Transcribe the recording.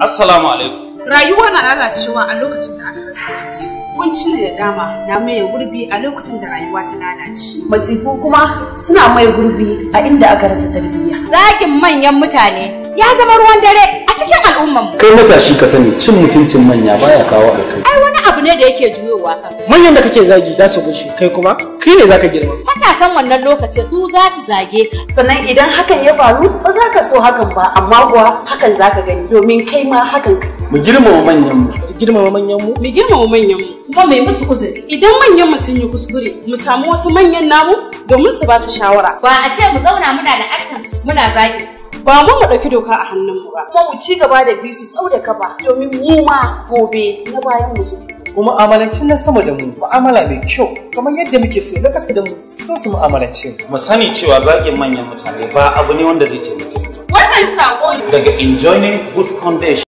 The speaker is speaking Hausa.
Assalamu alaikum. Rayuwa na lalacewa a lokacin da aka rasa kunci da dama na mai gurbi a lokacin da rayuwa ta lalace. Masifu kuma suna mai gurbi a inda aka rasa tarbiyya. Zagin manyan mutane ya zama ruwan dare a cikin al'ummar. mu Kai matashi ka sani cin mutuncin manya baya kawo alkai. ne da yake juyowa kan manyan da kake zagi za su gushe kai kuma kai ne zaka girma san wannan lokacin su za su zage ka sannan idan hakan ya faru ba za ka so hakan ba amma kuwa hakan za ka gani domin kai ma hakan ka mu girmama manyan mu girmama manyan mu mu girmama manyan mu kuma mai musu uzuri idan manyan mu sun yi kuskure mu samu wasu manyan namu domin su ba su shawara ba a ce mu zauna muna da artan su muna zagi ba mu mu ɗauki doka a hannun mu ba kuma mu ci gaba da bisu sau da kafa domin mu ma gobe na bayan mu su mu mu'amalanci na sama da mu mu'amala mai kyau kamar yadda muke so na kasa da mu su so su mu'amalanci mu sani cewa zagin manyan mutane ba abu ne wanda zai taimake mu wannan sako daga enjoying good condition